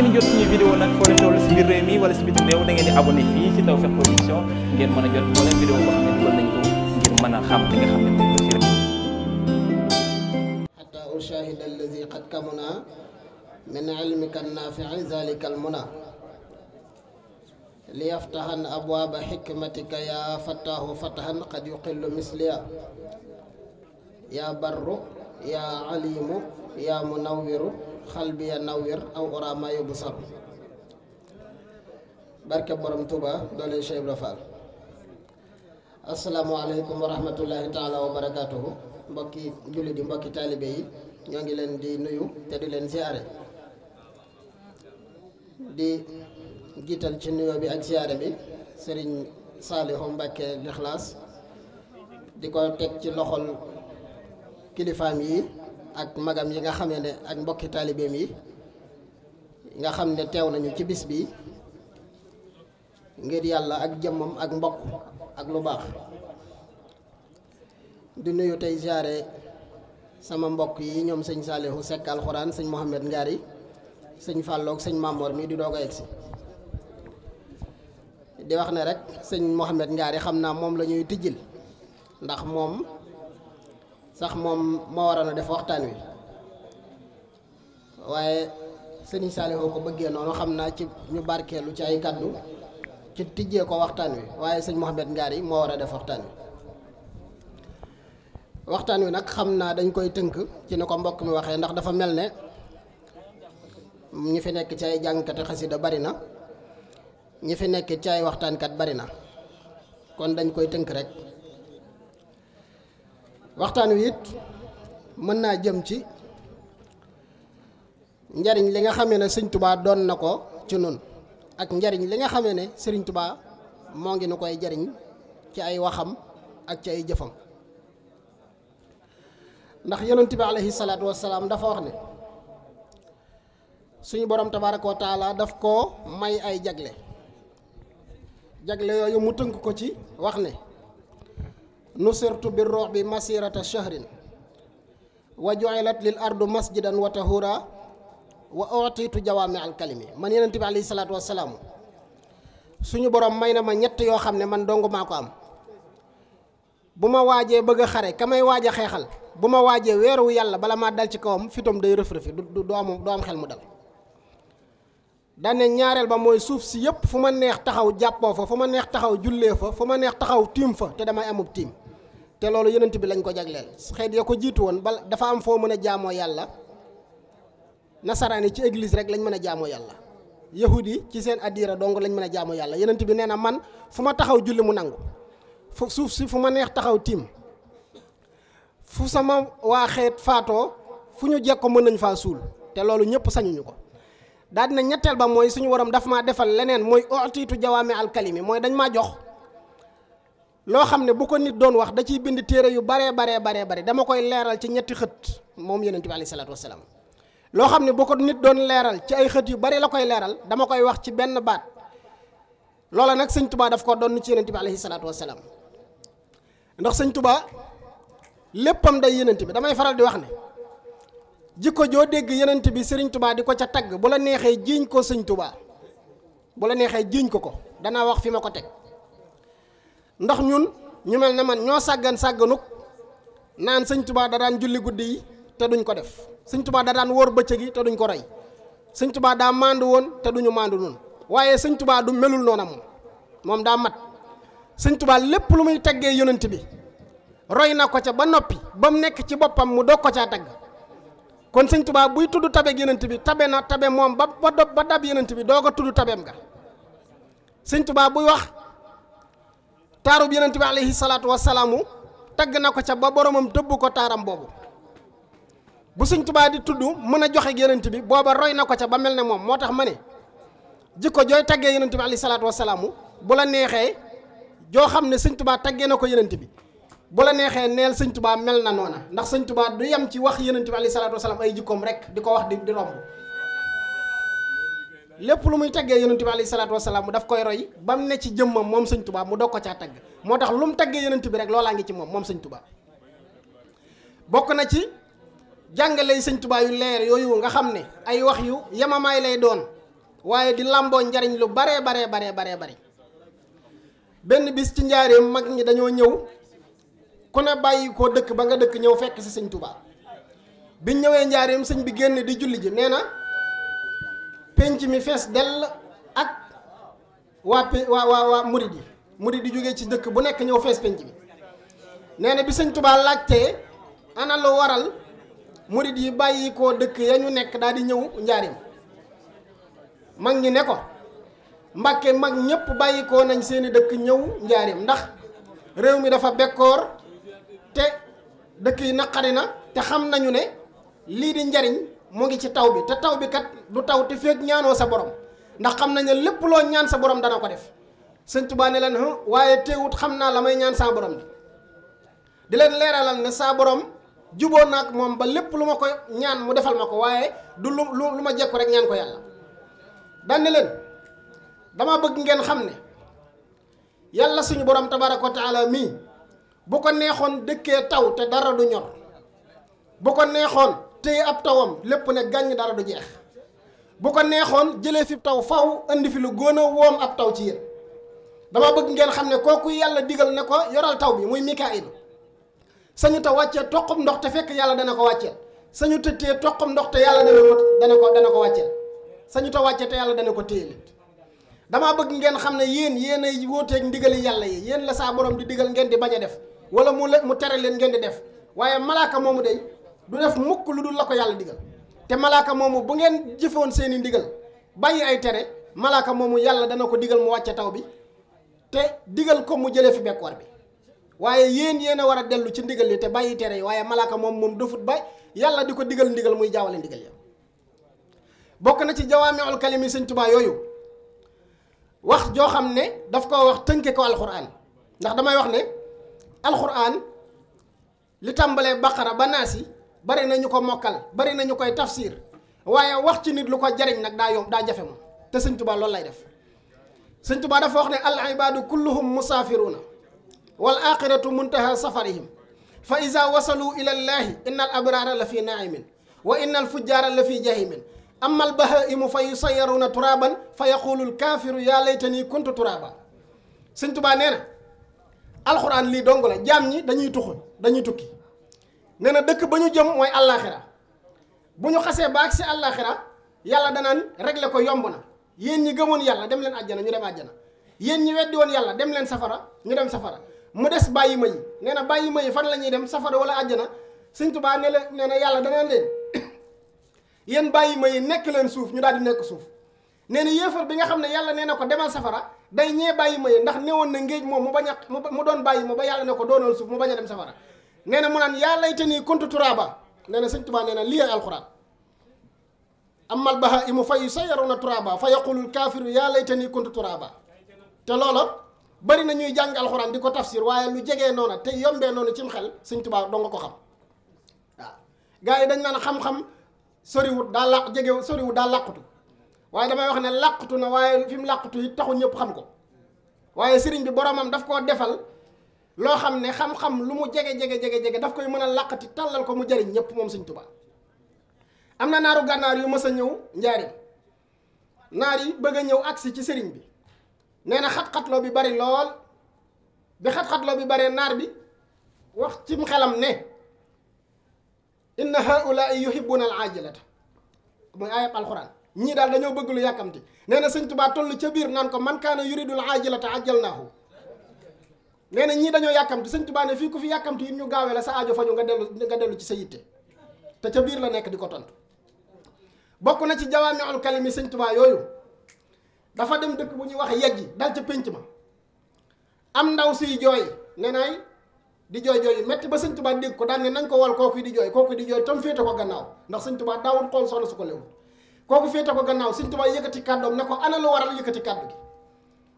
ngeen jot suñu vidéo nag foo leen toll si biir réew mi wala si biti réew da ngeen di abonné fii si Tawfekh Production ngeen mën a jot moo leen vidéo boo xam ne dugal nañ ko ngir mën a xam li nga xam ne moom la rek xata ushahida allazi qad kamuna min ilmika annaafi'i zalika almuna liyaftahan abwaaba xikmatika yaa fattaahu fatahan qad yuqillu misliya yaa barru yaa alimu yaa munawwiru xal bi ya nawwir aw ora maa yóbbu sab barke borom Touba doole Cheikh Ibra Fall asalaamaaleykum wa rahmatullahi taala wa mbokki julli di mbokki taalibe yi ñoo ngi leen di nuyu te di leen ziare di giital ci nuyoo bi ak ziare bi Serigne Saliou Mbacke Likhlass di ko teg ci loxol kilifaam yi ak magam yi nga xam ne ak mbokki taalibeem yi nga xam ne teew nañu ci bis bi ngir yàlla ak jëmmam ak mbokk ak lu baax di nuyu tey ziare sama mbokk yi ñoom sëñ Saalihu Sekk alxuraan sëñ Mohamed Ngaari sëñ Fàlloog sëñ Maamoor mi di doog a egsi di wax ne rek sëñ Mohamed Ngaari xam naa moom la tijjil ndax moom sax moom moo waroon a def waxtaan wi waaye sëriñ Saliou ko bëggee noonu xam naa ci ñu barkeelu ci ay kàddu ci tijjee ko waxtaan wi waaye sëñ Mouhamed Ngaar yi moo war a def waxtaan wi waxtaan wi nag xam naa dañ koy tënk ci ni ko mbokk mi waxee ndax dafa mel ne ñi fi nekk ci ay jàngkati xasida bari na ñi fi nekk ci ay waxtaankat bari na kon dañ koy tënk rek waxtaan wi it mën naa jëm ci njariñ li nga xame ne sëñ tubaa doon na ko ci nun ak njariñ li nga xame ne sëriñ tubaa moo ngi nu koy jariñ ci ay waxam ak ci ay jëfam ndax yonent bi aleyhi salaatu wasalaam dafa wax ne suñu borom tabaaraka wa taala daf koo may ay jagle jagle yooyu mu tënk ko ci wax ne nusirtu bi ru'bi masirata shahrin wa ju'ilat lil ardu masjidan wa tahura wa utitu jawaami al kalimi man yonent bi alayhi salaatu wassalaamu suñu borom may na ma ñett yoo xam ne man dong maa ko am bu ma waajee bëgg xare ka may waaj a xeexal bu ma waajee weeru yàlla bala maa dal ci kawam fitam day rëf rëfi du du am du am xel mu dal dane ñaareel ba mooy suuf si yëpp fu ma neex taxaw jàppoo fa fu ma neex taxaw jullee fa fu ma neex taxaw tiim fa te damay amub tiim te loolu yonent bi lañ ko jagleel xeet ya ko jiitu woon bal dafa am foo mën a jaamoo yàlla nasaraan yi ci église rek lañ mën a jaamoo yàlla yahudi ci seen addiira dong lañ mën a jaamoo yàlla yonent bi nee na man fu ma taxaw julli mu nangu fu suuf si fu ma neex taxaw tiim fu sama waa xeet faatoo fu ñu jekko mën nañ faa suul te loolu ñëpp sañuñu ko daa ñetteel ba mooy suñu waram dafa maa defal leneen mooy utiitu jawaami alkalimi mooy dañ maa jox loo xam ne bu ko nit doon wax da ciy bind téere yu baree baree baree bare dama koy leeral ci ñetti xët moom yonent bi alayhi salaatu loo xam ne bu ko nit doon leeral ci ay xët yu bari la koy leeral dama koy wax ci benn baat loola nag sëñ tubaa daf ko doon ci yonent bi alayhi salaatu wasalaam ndax sëñ tubaa léppam day yonent bi damay faral di wax ne jikko joo dégg yenent bi sëriñ tubaa di ko ca tagg bu la neexee jiiñ ko sëñ tubaa bu la neexee jiiñ ko ko danaa wax fi ma ko teg ndax ñun ñu mel ne man ñoo sàggan sàgganuk naan sëñ tubaa da daan julli guddi yi te duñ ko def sëñ tubaa da daan wóor bëccëg yi te duñ ko roy sëñ tubaa daa màndu woon te duñu màndu noonu waaye sëñ tubaa du melul noona moom moom daa mat sëñ tubaa lépp lu muy taggee yonent bi roy na ko ca ba noppi ba mu nekk ci boppam mu doog ko caa tagg kon sëñ Tuubaa buy tudd tabeeg yenent bi tabe na tabe moom ba ba dab yenent bi doo ko tudd tabeem nga sëñ Tuubaa buy wax taarub yenent bi aleyhi salaatu wasalaamu tagg na ko ca ba boromam tëbb ko taaram boobu bu sëñ Tuubaa di tudd mën a joxe yenent bi booba roy na ko ca ba mel ne moom moo tax ma ne jikko jooy taggee yenent bi aleyhi salaatu wasalaamu bu la neexee joo xam ne sëñ Tuubaa taggee na ko yenent bi bu la neexee neel sëñ tubaa mel na noona ndax sëñ tubaa du yem ci wax yonent bi alayhi salaatu wasalaam ay jikkoom rek di ko wax di di romb lépp lu muy taggee yonent bi alayhi salaatu wasalaam mu daf koy roy ba mu ne ci jëmmam moom sañ tubaa mu doog ko caa tagg moo tax lu mu taggee yonent bi rek loolaa ngi ci moom moom sëñ tubaa bokk na ci jàngale sëñ tubaa yu leer yooyu nga xam ne ay wax yu yemamaay lay doon waaye di làmboo njariñ lu baree baree baree baree bari benn bis ci njaareem mag ñi dañoo ñëw ku ne bàyyi koo dëkk ba nga dëkk ñëw fekk ci sëñ Touba biñ ñëwee njaareem sëñ bi génn di julli ji nee na penc mi fees dell ak waa pe waa waa waa murid yi murid yi jógee ci dëkk bu nekk ñëw fees penc bi nee na bi sëñ Touba laajtee ana lu waral murid yi bàyyi koo dëkk ya ñu nekk daal di ñëw njaareem mag ñi ne ko Mbàkke mag ñëpp bàyyi koo nañ seeni dëkk ñëw njaareem ndax réew mi dafa bekkoor te dëkk yi naqari na te xam nañu ne lii di njariñ mu ngi ci taw bi te taw bi kat du taw te feeg ñaanoo sa borom ndax xam nañ ne lépp loo ñaan sa borom dana ko def sëñ Tuubaa ne leen waaye teewut xam naa la may ñaan saa borom bi di leen leeralal ne saa borom juboo naag moom ba lépp lu ma ko ñaan mu defal ma ko waaye du lu lu ma jekku rek ñaan ko yàlla daan leen dama bëgg ngeen xam ne yàlla suñu borom tabaaraka wa taala mii bu ko neexoon dëkkee taw te dara du ñor bu ko neexoon téye ab tawam lépp ne gàññ dara du jeex bu ko neexoon jëlee fi taw faw indi fi lu gën a woom ab taw ci yéen dama bëgg ngeen xam ne kooku yàlla digal ne ko yoral taw bi muy Mikaayil sañu ta wàccee toqum ndox te fekk yàlla dana ko wàcce sañu ta téye toqum ndox te yàlla dana ko dana ko dana ko wàcceel sañu ta wàccee te yàlla dana ko téye damaa bëgg ngeen xam ne yéen yéen ay wóoteeg ndigali yàlla yi yéen la saa borom di digal ngeen di bañ a def wala mu mu tere leen ngeen di def waaye malaaka moomu day du def mukk lu dul la ko yàlla digal te malaaka moomu bu ngeen jëfoon seen i ndigal bàyyi ay tere malaaka moomu yàlla dana ko digal mu wàcce taw bi te digal ko mu jëlee fi bekkoor bi waaye yéen yéen a war a dellu ci ndigal yi te bàyyi tere yi waaye malaaka moom moom dofut ba yàlla di ko digal ndigal muy jaawale ndigal ya bokk na ci jawaamiul kalimi sëñ Tuubaa yooyu wax joo xam ne daf koo wax tënke ko alxuraan ndax damay wax ne alxuraan li tàmbalee baqara ba naas bari na ko mokkal bari nañu koy tafsir waaye wax ci nit lu ko jariñ nag daa yomb daa jafe moom te sëñ Tuubaa lay def sëñ Tuubaa dafa wax ne al ibaadu kulluhum musaafiruuna wal aaxiratu muntaha safarihim fa iza wasalu ila llaahi al abraara la fi naimin wa inna al fujjaara la fi jahimin amma al bahaimu fa yusayaruuna turaaban fa yaqulu al kaafiru yaa laytani kuntu turaaba sëñ nee na alxuraan lii dong la jaam ñi dañuy tuxu dañuy tukki nee na dëkk ba ñu jëm mooy àllaaxira bu ñu xasee ba ak si àllaaxira yàlla danaan régler ko yomb na yéen ñi gëmoon yàlla dem leen àjjana ñu dem àjjana yéen ñi weddi woon yàlla dem leen safara ñu dem safara mu des bàyyi ma yi nee na bàyyi ma yi fan la ñuy dem safara wala àjjana sëñ Tuubaa ne la nee na yàlla danaan leen yéen bàyyi ma yi nekk leen suuf ñu daal di nekk suuf nee na yéefar bi nga xam ne yàlla nee na ko demal safara day ñee bàyyi ma yi ndax newoon na ngéej moom mu bañ a mu doon bàyyi ma ba yàlla ne ko doonal suuf mu bañ a dem safara nee na mu naan yaa laytanii kuntu turaaba nee na sëñ Tuubaa nee na lii ay alxuraan amal bahaa'imu fa yusayyaruna turaaba fa yaqulul kaafiru yaa laytanii kuntu turaaba te loola bari na ñuy jàng alxuraan di ko tafsir waaye lu jegee noona te yombee noonu cim xel sëñ Tuubaa doo nga ko xam waaw gars yi dañ naan xam-xam soriwut daa làq jege soriwut daa làqutu waaye damay wax ne làqatu na waaye fi mu làqatu it taxu ñëpp xam ko waaye sëriñ bi boromam daf koo defal loo xam ne xam-xam lu mu jege jege jege jege daf koy mën a làqati tàllal ko mu jariñ ñëpp moom sëñ Tuubaa am na naaru gànnaar yu mës a ñëw njaariñ naar yi bëgg a ñëw agsi ci sëriñ bi nee na xat-xatloo bi bari lool bi xat-xatloo bi baree naar bi wax ci xelam ne inna haulaai yuhibbuna al ajilata muy ayab alxuraan ñii daal dañoo bëgg lu yàkkamti nee na sëñ ca biir naan ko man kaana yuridul ajilata ajjalnaahu nee na ñii dañoo yàkkamti sëñ tubaa ne fii ku fi yàkkamti it ñu gaawee la sa aajo fañu nga dellu nga dellu ci sa yitte te ca biir la nekk di ko tontu bokk na ci jawaamiul kalimi sëñ tubaa yooyu dafa dem dëkk bu ñuy wax yeggi dal ca pénc ma am ndaw siy jooy nee naay di jooy jooy metti ba sëñ tubaa dégg ko daan ne nañ ko wal kooku di jooy kooku di jooy ko gannaaw ndax sëñ tubaa daawul xool soxna su kooku féete ko gannaaw Sëñ Tuubaa yëkkati kàddoom ne ko ana lu waral yëkkati kàddu gi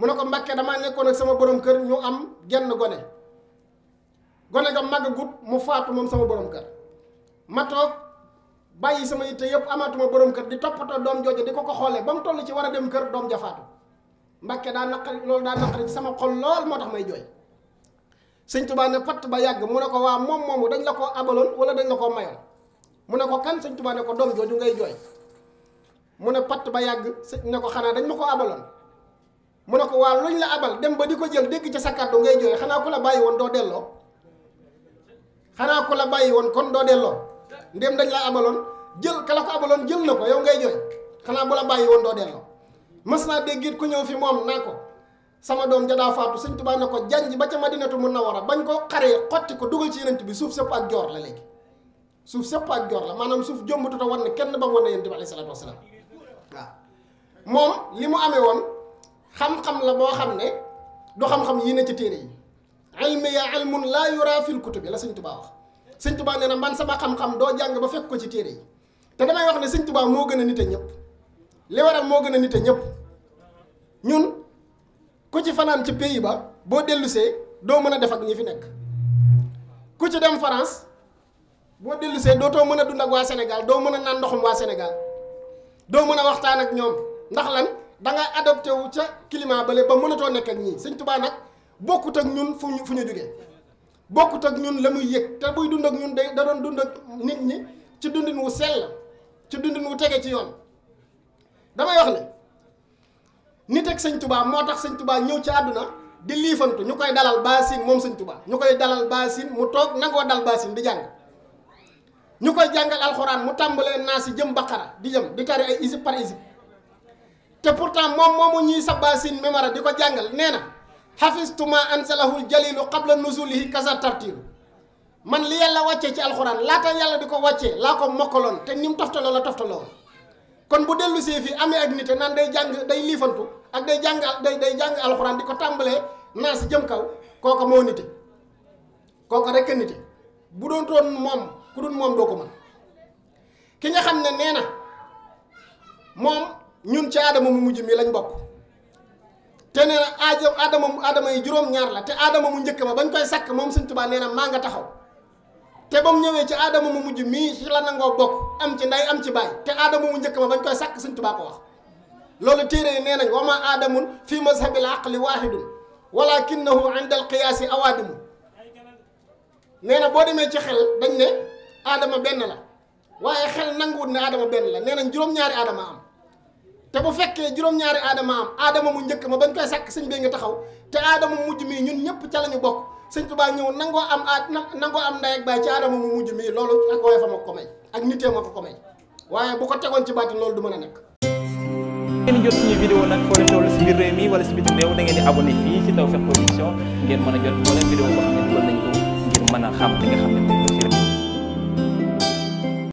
mu ne ko Mbàkke damaa nekkoon ak sama borom kër ñu am genn gone gone ga màgg gut mu faatu moom sama borom kër ma toog bàyyi sama yitte yëpp amaatuma borom kër di toppatoo doom jooju di ko ko xoolee ba mu toll ci war a dem kër doom ja faatu Mbàkke daa naqari loolu daa naqari ci sama xol lool moo tax may jooy Sëñ Tuubaa ne patt ba yàgg mu ne ko waa moom moomu dañ la koo abaloon wala dañ la ko mayoon mu ne ko kan Sëñ Tuubaa ne ko doom jooju ngay mu ne patt ba yàgg sëñ ne ko xanaa dañ la ko abaloon mu ne ko waa luñ la abal dem ba di ko jël dégg ci sa kàddu ngay jooy xanaa ku la bàyyi woon doo delloo xanaa ku la bàyyi woon kon doo delloo ndéem dañ la abaloon jël kala ko abaloon jël na ko yow ngay jooy xanaa bu la bàyyi woon doo delloo mas naa dégg ku ñëw fi moom naa ko sama doom ja daa faatu sëñ Tuubaa ne ko janj ba ca Madinatu Munawwara bañ koo xare xotti ko dugal ci yonent bi suuf sëpp ak la léegi suuf sëpp ak joor la maanaam suuf jombatu te war na kenn ba mu wane yonent bi alayhi moom li mu amee woon xam-xam la boo xam ne du xam-xam yi ne ci téere yi ilmi ya ilmun laa yura fil bi la sëñ tubaa wax sëñ tubaa nee man sama xam doo jàng ba fekk ko ci téere te damay wax ne sëñ tubaa moo gën a nite ñëpp li waral moo gën a nite ñëpp ñun ku ci fanaan ci pays ba boo dellusee doo mën a def ak ñi fi nekk ku ci dem France boo dellusee dootoo mën a dund ak waa Sénégal doo mën a naan ndoxum waa Sénégal doo mën a waxtaan ak ñoom ndax lan da nga adopté wu ca climat bële ba mënatoo nekk ak ñii sëñ Tuubaa nag bokkut ak ñun fu ñu fu ñu jógee bokkut ak ñun la muy yëg te buy dund ak ñun day da dund ak nit ñi ci dundin wu sell ci dundin wu tege ci yoon damay wax ne nit ak sañ Tuubaa moo tax sëñ tubaa ñëw ci àdduna di liifantu ñu koy dalal baasin moom sëñ tubaa ñu koy dalal baasin mu toog nangoo dal baasin di jàng ñu koy jàngal alxuraan mu tàmbalee naa si jëm baqara di jëm di tari te pourtant moom moomu ñuy sabaa sin mémara di ko jàngal nee na xafistuma ansalahul jalilu qabla nuzulihi kasa tartilu man li yàlla wàccee ci alxuraan laata yàlla di ko wàccee laa ko mokkaloon te ni mu toftaloo la toftaloo kon bu dellu see fii amee ak nit naan day jàng day liifantu ak day jàng day day jàng alxuraan di ko tàmbalee naa si jëm kaw kooka moo nite kooka rek a nite bu doon doon moom ku dul moom doo ko mën ki nga xam ne nee na ñun ci aadama mu mujj mii lañ bokk te nee na aajo aadama mu aadama yi juróom la te aadama mu njëkk ma bañ koy sakk moom Sëñ Tuubaa nee na maa nga taxaw te ba mu ñëwee ci aadama mu mujj mii la nangoo bokk am ci nday am ci baay te aadama mu njëkk ma bañ koy sakk Sëñ Tuubaa ko wax loolu téere yi nee nañ wa ma aadamun fii mazhabil aqli waahidun walakinahu inda alqiyaasi awaadimu nee na boo demee ci xel dañ ne aadama benn la waaye xel nanguwut ne aadama benn la nee nañ juróom-ñaari adama am te bu fekkee juróom-ñaari adama am aadama mu njëkk ma bañ koy sàkk sëñ bee nga taxaw te aadama mu mujj mii ñun ñëpp ca la ñu bokk sëñ Tuubaa ñëw nangoo am a nangoo am ndey ak baay ci aadama mu mujj mii loolu ak wooye fa ma ko may ak nitee ma ko may waaye bu ko tegoon ci baatin loolu du mën a nekk. ngeen jot suñu vidéo nag foo leen toll si biir réew mi wala si bitim réew da ngeen di abonné fii si Tawfekh Production ngeen mën a jot moo leen vidéo mën a xam li nga xam ne